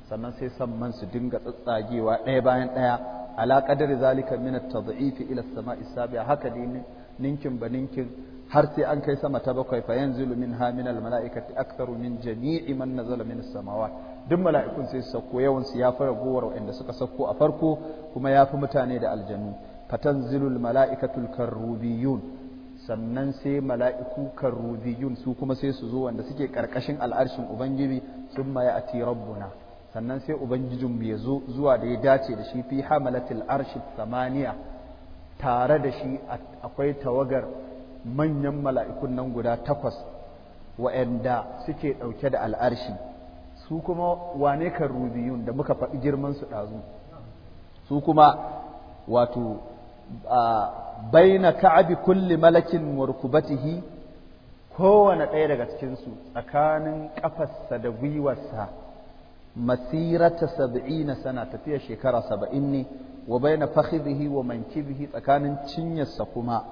sannan sai samman su dinga tsatsagewa ɗaya bayan ɗaya ala qadari zalika min at-tad'if ila as-sama'i sabi'a haka dai ninkin ba ninkin har sai an kai sama ta bakwai fa yanzilu minha min al-mala'ikati aktharu min jami'i man nazala min as-samawat duk mala'ikun sai su sauko yawan su fi ragowar waɗanda suka sauko a farko kuma ya fi mutane da aljanu zilul mala'ikatul karrubiyun sannan sai mala'iku karrubiyun su kuma sai su zo wanda suke ƙarƙashin al'arshin ubangiji sun ma ya ati rabbuna sannan sai ubangijin ya zo zuwa da ya dace da shi fi hamalatul arshi samaniya tare da shi akwai tawagar manyan mala'ikun nan guda takwas wa'anda suke ɗauke da al'arshi su kuma wane rubiyun da muka faɗi girman su ɗazu su kuma wato baina ka'abi kulli malakin warkubatihi kowane ɗaya daga cikinsu tsakanin ƙafarsa da gwiwarsa masirata saba'ina sana tafiya shekara saba'in ne wa baina fakhidhihi wa mankibihi tsakanin cinyarsa kuma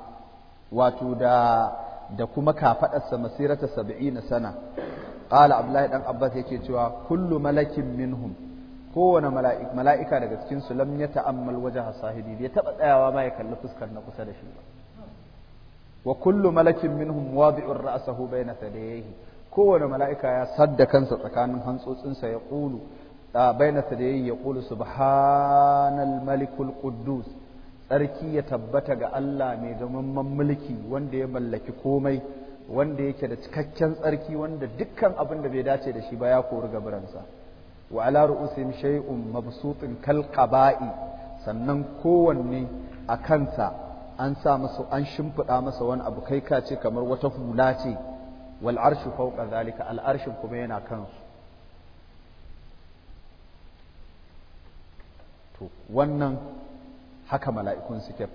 wato da da kuma kafaɗarsa masirata saba'ina sana qala abdullahi dan abbas yake cewa kullu malakin minhum kowane mala'ika daga cikin su lam yata'ammal wajha sahibi bai taba tsayawa ma ya kalli fuskar na kusa da shi ba wa kullu malakin minhum wadi'ur ra'sahu bayna sadayhi kowane mala'ika ya sadda kansa tsakanin hantsotsinsa ya qulu bayna sadayhi ya qulu subhanal malikul quddus tsarki ya tabbata ga Allah mai zaman mulki wanda ya mallaki komai wanda yake da cikakken tsarki wanda dukkan abin da bai dace da shi ba ya kori gabaransa wa ala ru'usihim shay'un mabsutun kal qaba'i sannan kowanne a kansa an sa masa an shimfiɗa masa wani abu kai ka ce kamar wata hula ce wal arshu fawqa zalika al arshu kuma yana kansu to wannan haka mala'ikun suke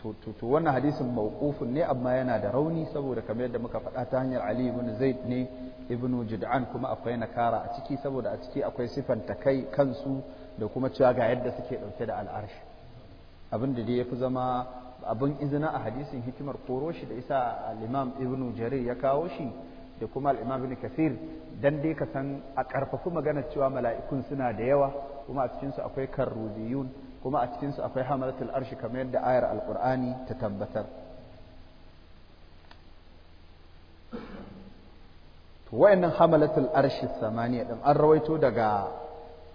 to wannan hadisin mawqufun ne amma yana da rauni saboda kamar yadda muka faɗa ta hanyar Ali ibn Zaid ne ibn Jud'an kuma akwai nakara a ciki saboda a ciki akwai sifan ta kai kansu da kuma cewa ga yadda suke ɗauke da al'arshi abin da dai ya fi zama abin izina a hadisin hikimar koro shi da isa al-Imam Ibn Jarir ya kawo shi da kuma al-Imam Ibn Kathir dan dai ka san a ƙarfafi maganar cewa mala'ikun suna da yawa kuma a cikinsu akwai karruziyun kuma a cikinsu akwai hamalatul arshi kamar yadda ayar alkur'ani ta tabbatar wa'annan hamalatul arshi samaniya din an rawaito daga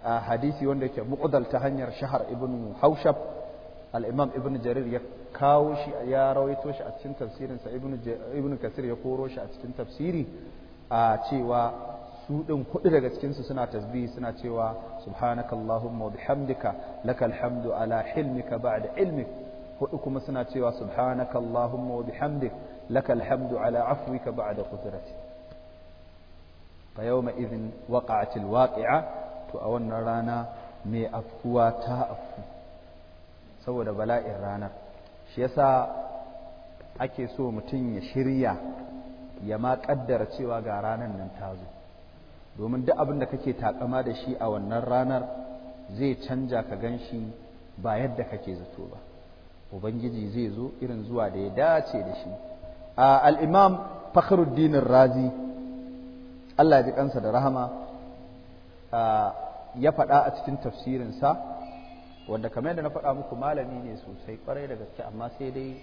hadisi wanda yake muqdal ta hanyar shahar ibn haushab al-imam ibn jarir ya kawo shi ya rawaito shi a cikin tafsirinsa ibn ibn kasir ya koro shi a cikin tafsiri a cewa su ɗin kuɗi daga cikinsu suna tasbihi suna cewa subhanaka allahumma wa bihamdika lakal hamdu ala hilmika ba'da ilmik hudu kuma suna cewa subhanaka allahumma wa bihamdik lakal hamdu ala afwika ba'da qudratik fa yawma idhin waqa'atil waqi'a to a wannan rana me afkuwa ta afku saboda bala'in ranar shi yasa ake so mutum ya shirya ya ma kaddara cewa ga ranar nan ta zo domin duk abin da kake takama da shi a wannan ranar zai canja ka gan shi ba yadda kake zato ba ubangiji zai zo irin zuwa da ya dace da shi al-imam fakhruddin razi Allah ji kansa da rahama ya faɗa a cikin tafsirinsa wanda kamar yadda na faɗa muku malami ne sosai ƙwarai da gaske amma sai dai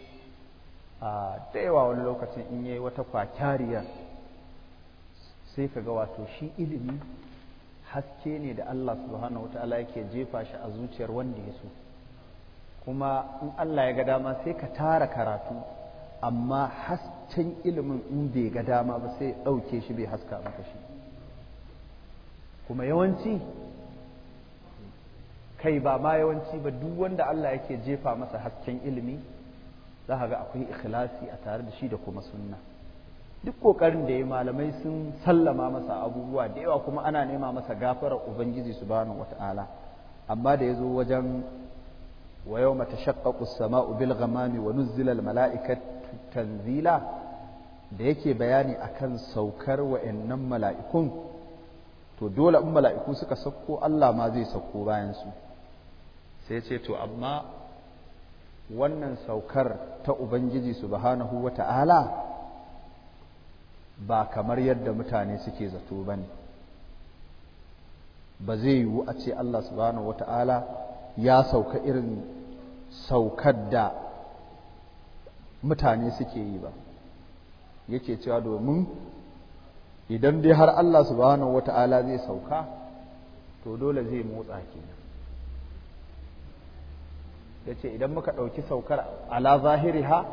da yawa wani lokacin in yayi wata kwakyariyar sai ka ga wato shi ilimi haske ne da Allah subhanahu wata'ala yake jefa shi a zuciyar wanda ya so kuma in Allah ya ga dama sai ka tara karatu amma hasken ilimin in bai ga dama ba sai ɗauke shi bai haska maka shi kuma yawanci kai ba ma yawanci ba duk wanda Allah yake jefa masa hasken ilimi za ga akwai ikhlasi a tare da shi da kuma sunna duk kokarin da ya malamai sun sallama masa abubuwa da yawa kuma ana nema masa gafarar ubangiji subhanahu wata'ala amma da ya zo wajen wa yau mata as sama bil gamami wa nuzzilal mala'ikat tanzila da yake bayani akan saukar wa'annan mala'ikun to dole in mala'iku suka sauko Allah ma zai sauko bayansu. sai ce to amma wannan saukar ta ubangiji subhanahu wata'ala ba kamar yadda mutane suke zato ba ne ba zai yiwu a ce Allah subhanahu wata'ala ya sauka irin saukar da mutane suke yi ba yake cewa domin idan dai har Allah subhanahu wata'ala zai sauka to dole zai motsa kenan ya ce idan muka ɗauki saukar ala zahiri ha?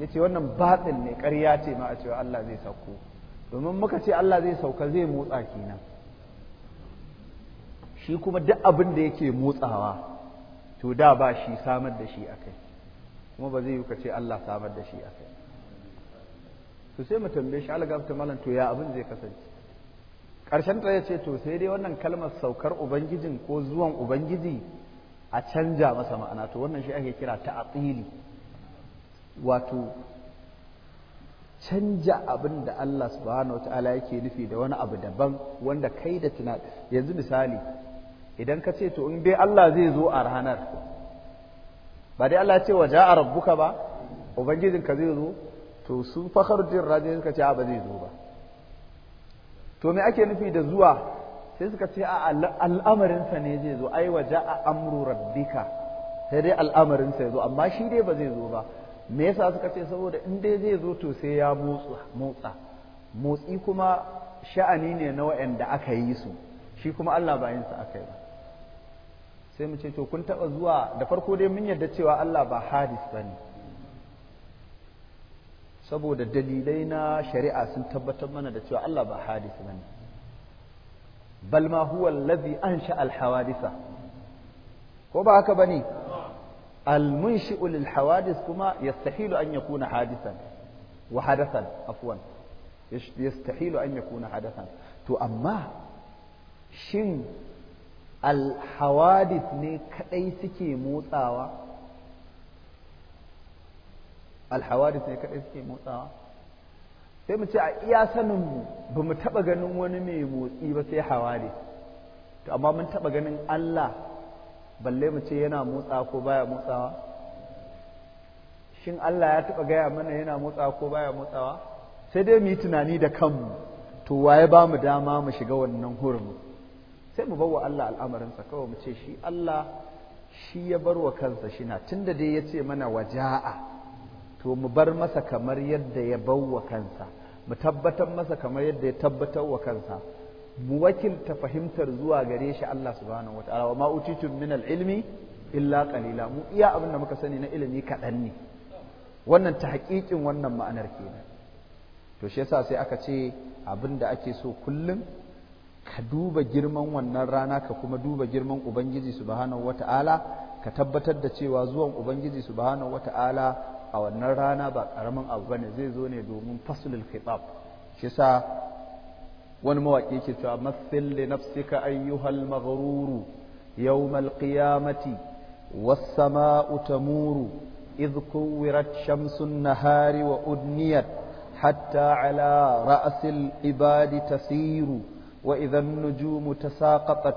yace wannan batsin ne ƙarya ce ma a cewa Allah zai sauko domin muka ce Allah zai sauka zai motsa kenan shi kuma duk abin da yake motsawa to da ba shi samar da shi akai kuma ba zai yi ka ce Allah samar da shi akai to sai mu tambaye shi alga ta malam to ya abin zai kasance ƙarshen ta ya ce to sai dai wannan kalmar saukar ubangijin ko zuwan ubangiji a canja masa ma'ana to wannan shi ake kira ta'atili wato canja abin da Allah subhanahu ala yake nufi da wani abu daban wanda kai da tuna yanzu misali idan ka ce to in dai Allah zai zo a ranar ba dai Allah ce wa ja'a rabbuka ba ka zai zo to sun su jin rajin suka ce ba zai zo ba to me ake nufi da zuwa sai suka ce a al'amarinsa ne zai zo ai wa a amru rabbika sai dai al'amarinsa ya zo amma shi dai ba zai zo ba me yasa suka ce saboda in dai zai zo to sai ya motsa motsa motsi kuma sha'ani ne na wa'anda aka yi su shi kuma Allah ba yin sa aka yi ba sai mu ce to kun taba zuwa da farko dai mun yarda cewa Allah ba hadis bane saboda dalilai na shari'a sun tabbatar mana da cewa Allah ba hadis bane bal ma huwa allazi ansha al hawadisa ko ba haka bane المنشئ للحوادث كما يستحيل أن يكون حادثا وحدثا عفوا يستحيل أن يكون حدثا تو أما شن الحوادث ني كأي سكي موتاوا الحوادث ني كأي سكي موتاوا sai mu ce a iya saninmu ba mu taɓa ganin wani mai motsi ba sai hawa ne to amma mun taɓa ganin Allah balle mu ce yana motsa ko baya motsawa shin Allah ya taba gaya mana yana motsa ko baya motsawa sai dai mu yi tunani da kanmu to waye ba mu dama mu shiga wannan hurumin sai mu bawa Allah al'amarinsa kawai mu ce shi Allah shi ya bar wa kansa shina tunda dai ya ce mana waja'a to mu bar masa kamar yadda ya bar wa kansa mu tabbatar masa kamar yadda ya tabbatar wa kansa mu wakilta fahimtar zuwa gare shi Allah subhanahu ta'ala wa ma utitum min al-ilmi illa qalila mu iya abin da muka sani na ilimi kaɗan ne wannan ta haƙiƙin wannan ma'anar kenan to shi yasa sai aka ce abin da ake so kullum ka duba girman wannan rana ka kuma duba girman ubangiji subhanahu ta'ala ka tabbatar da cewa zuwan ubangiji subhanahu ta'ala a wannan rana ba karamin abu bane zai zo ne domin faslul khitab shi yasa wani mawaƙi yake cewa mathil li nafsika ayyuhal maghruru yawmal qiyamati was sama'u tamuru idh kuwirat shamsun nahari wa udniyat hatta ala ra'sil ibadi tasiru wa idha an-nujumu tasaqatat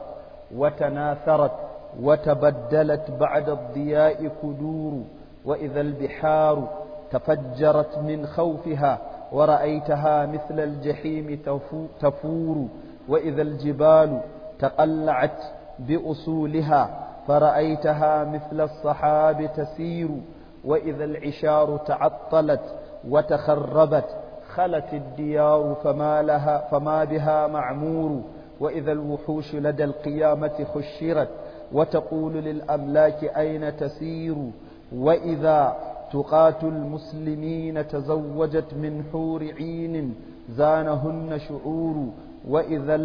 wa tanatharat wa tabaddalat ba'da ad-diya'i kuduru wa idha biharu tafajjarat min khawfiha ورأيتها مثل الجحيم تفور وإذا الجبال تقلعت بأصولها فرأيتها مثل الصحاب تسير وإذا العشار تعطلت وتخربت خلت الديار فما, لها فما بها معمور وإذا الوحوش لدى القيامة خشرت وتقول للأملاك أين تسير وإذا تقات المسلمين تزوجت من حور عين زانهن شعور وإذا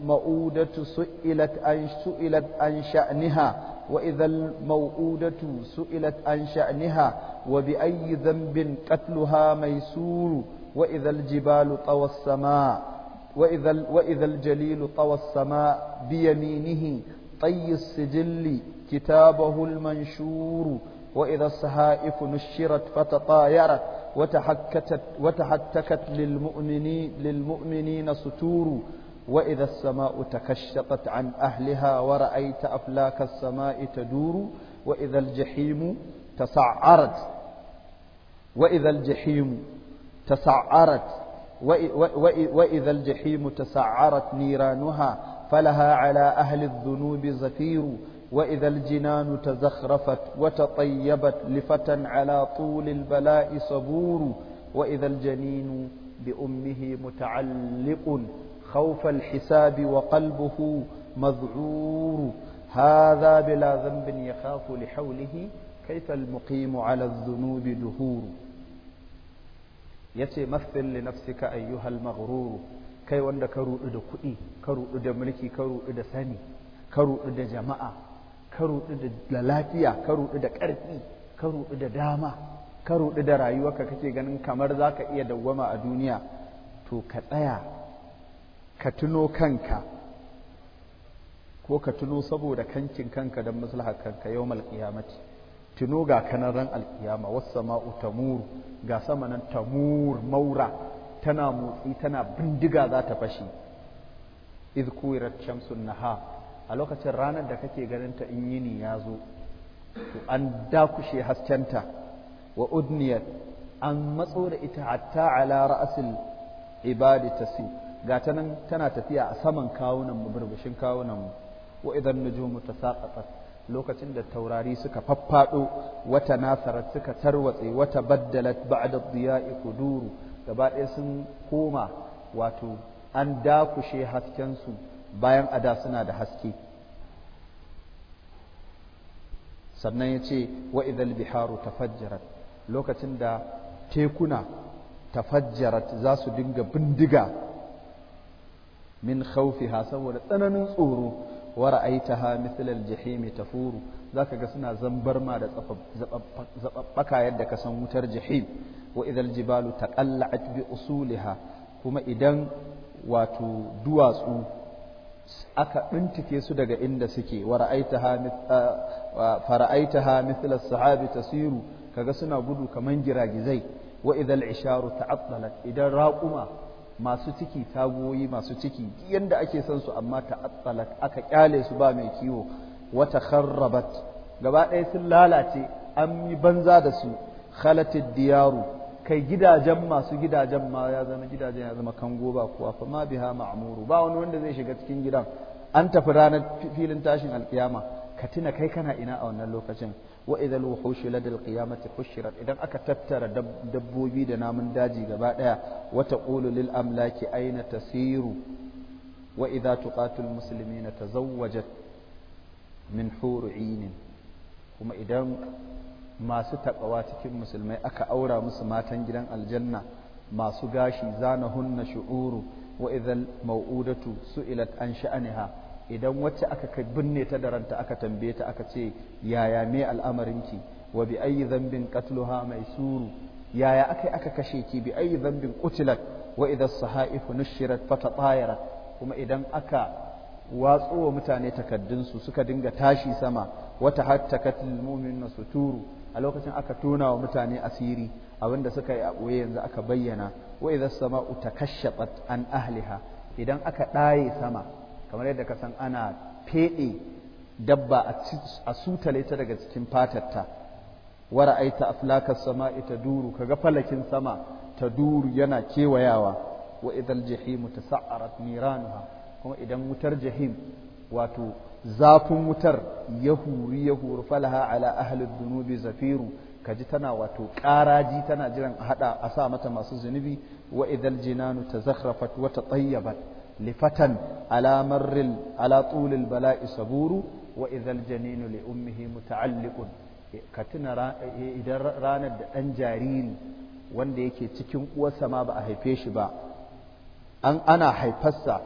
المؤودة سئلت عن سئلت عن شأنها وإذا الموؤودة سئلت عن شأنها وبأي ذنب قتلها ميسور وإذا الجبال طوى السماء وإذا, وإذا الجليل طوى السماء بيمينه طي السجل كتابه المنشور وإذا الصحائف نشرت فتطايرت وتحكتت وتحتكت للمؤمنين للمؤمنين ستور وإذا السماء تكشطت عن أهلها ورأيت أفلاك السماء تدور وإذا الجحيم تسعرت وإذا الجحيم تسعرت وإذا الجحيم تسعرت نيرانها فلها على أهل الذنوب زفير وإذا الجنان تزخرفت وتطيبت لفتى على طول البلاء صبور وإذا الجنين بأمه متعلق خوف الحساب وقلبه مذعور هذا بلا ذنب يخاف لحوله كيف المقيم على الذنوب دهور يتي مثل لنفسك أيها المغرور كي وندك رؤد كئي كرؤد ملكي كرؤد ثاني كرؤد جماعة ka ruɗu da lafiya ka ruɗu da ƙarfi ka ruɗu da dama ka ruɗu da ka kake ganin kamar za ka iya dawwama a duniya to ka tsaya ka tuno kanka ko ka tuno saboda kancin kanka don maslahar kanka yau malƙiyamati tuno ga kanan ran alƙiyama wasu ma'u tamur ga sama nan tamur maura tana motsi tana bindiga za ta fashe iz Shamsun shamsun nahar a lokacin ranar da kake ganin ta in yini ya zo to an dakushe haskenta wa udniyat an matso da ita hatta ala ra'asin ibadi tasi ga ta nan tana tafiya a saman kawunan mu burbushin kawunan mu wa idan ta tasaqaqat lokacin da taurari suka faffado wata nasarar suka tarwatse wata baddalat ba'da diya'i kuduru gaba ɗaya sun koma wato an dakushe kushe bayan a da suna da haske sannan ya ce wa'izal biharu tafajjarat lokacin da tekuna tafajjarat za su dinga bindiga min khawfiha saboda tsananin tsoro wa ra'aitaha mithla al-jahim tafuru zaka ga suna zambarma da zababbaka yadda ka san wutar jahim wa jibalu taqalla'at bi usuliha kuma idan wato duwatsu aka bintike su daga inda suke fara'aitaha mithla sahabi tasiru kaga suna gudu kaman giragizai wa idhal isharu ta'attalat idan raquma masu ciki tagoyi masu ciki yanda ake san su amma ta'attalat aka kyale su ba mai kiwo wa takharrabat gaba ɗaya sun lalace an yi banza da su khalatid diyaru kai gidajen masu gidajen ma ya zama gidajen ya zama kango ba kuwa fa ma biha ma'muru ba wani wanda zai shiga cikin gidan an tafi ranar filin tashin alkiyama ka tuna kai kana ina a wannan lokacin wa idhal wuhushu ladal qiyamati hushirat idan aka tattara dabbobi da namun daji gaba daya wa taqulu lil amlaki aina tasiru wa idha tuqatul muslimina tazawwajat min huru kuma idan masu taƙawa cikin musulmai aka aura musu matan gidan aljanna masu gashi zana hunna shu'uru wa ma'udatu su ilat an sha'aniha idan wacce aka kai binne ta da ranta aka tambaye ta aka ce yaya me al'amarinki wa bi ayi dhanbin mai suru yaya akai aka kashe ki bi ayi dhanbin qutilat wa idha as-sahaif nushirat fatatayara kuma idan aka watsowa wa mutane takaddunsu suka dinga tashi sama wata hattakat lil mu'minina suturu a lokacin aka tona wa mutane asiri abinda suka yi a ɓoye yanzu aka bayyana wa idan uta takashshabat an ahliha idan aka ɗaye sama kamar yadda ka san ana feɗe dabba a sutale ta daga cikin fatarta wara aita aflakas sama ita duru kaga falakin sama ta duru yana kewayawa wa idan jahimu tasa'arat niranuha kuma idan wutar jahim wato zafin wutar ya huri ya huri falaha ala ahalin zunubi zafiru kaji tana wato ƙaraji tana jiran haɗa a sa mata masu zunubi wa idal jinanu ta zakhrafat wa ta tsayyabat lifatan ala marril ala tulil bala'i saburu wa idal janinu li ummihi muta'alliqun ka tuna idan ranar da ɗan jariri wanda yake cikin uwarsa ma ba a haife shi ba an ana haifarsa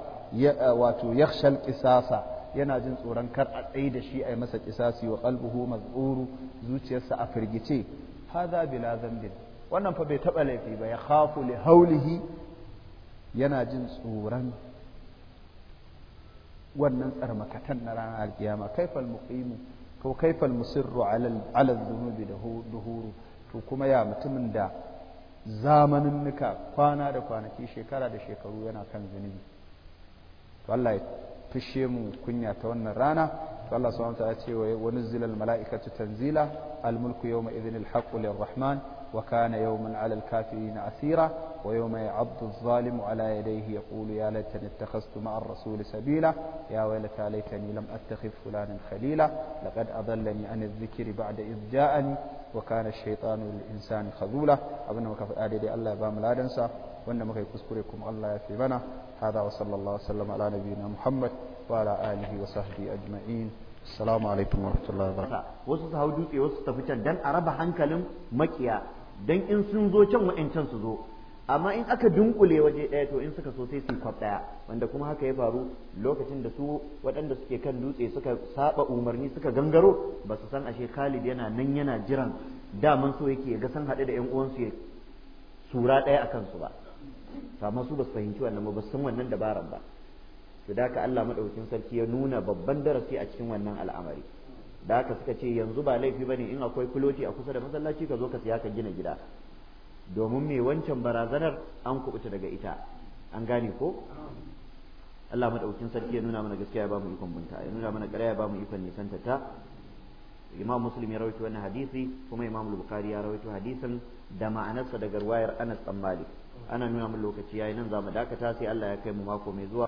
wato yakhshal qisasa yana jin tsoron kar a tsaye da shi a yi masa kisasi wa qalbuhu mazuru zuciyarsa a firgice haza bila zambin wannan fa bai taɓa laifi ba ya khafu li haulihi yana jin tsoron wannan tsarmakatan na ranar alkiyama kaifal muqimu ko kaifal musirru ala zunubi da duhuru to kuma ya mutumin da zamanin nuka kwana da kwanaki shekara da shekaru yana kan zunubi to Allah ya fishe mu kunya ta wannan rana to Allah subhanahu wa ta'ala ce wa nuzzila al mala'ikatu tanzila al mulku yawma idhin al haqqu lir rahman wa kana yawman 'ala al kafirin asira wa yawma ya'addu adh zalimu 'ala yadayhi yaqulu ya laitani ittakhadhtu ma'a ar rasuli sabila ya waylata laitani lam attakhidh fulanan khalila laqad adallani 'an adh-dhikri ba'da idh ja'ani wa kana ash-shaytanu lil insani khazula abinda muka faɗa daidai Allah ya ba mu ladansa wanda muka yi kuskure kuma Allah ya fi mana هذا وصلى الله وسلم على نبينا محمد وعلى آله وصحبه أجمعين السلام عليكم ورحمة الله وبركاته wasu su hau dutse wasu tafi can dan a raba hankalin maƙiya dan in sun zo can wa'ancan su zo amma in aka dunƙule waje ɗaya to in suka so sai su kwab ɗaya wanda kuma haka ya faru lokacin da su waɗanda suke kan dutse suka saba umarni suka gangaro ba su san ashe Khalid yana nan yana jiran daman so yake ga san haɗe da ƴan uwansu ya sura ɗaya a kansu ba to su ba su fahimci wannan ba san wannan dabaran ba to da ka Allah madaukin sarki ya nuna babban darasi a cikin wannan al'amari da ka suka ce yanzu ba laifi bane in akwai kuloti a kusa da masallaci ka zo ka siya ka gina gida domin me wancan barazanar an kubuta daga ita an gane ko Allah madaukin sarki ya nuna mana gaskiya ya ba mu ikon binta ya nuna mana ƙarya ya ba mu ikon nisanta ta imam muslim ya rawaito wannan hadisi kuma imam bukhari ya rawaito hadisin da ma'anarsa daga ruwayar anas dan malik ana nuna min lokaci yayi nan za mu dakata sai Allah ya kai mu mako mai zuwa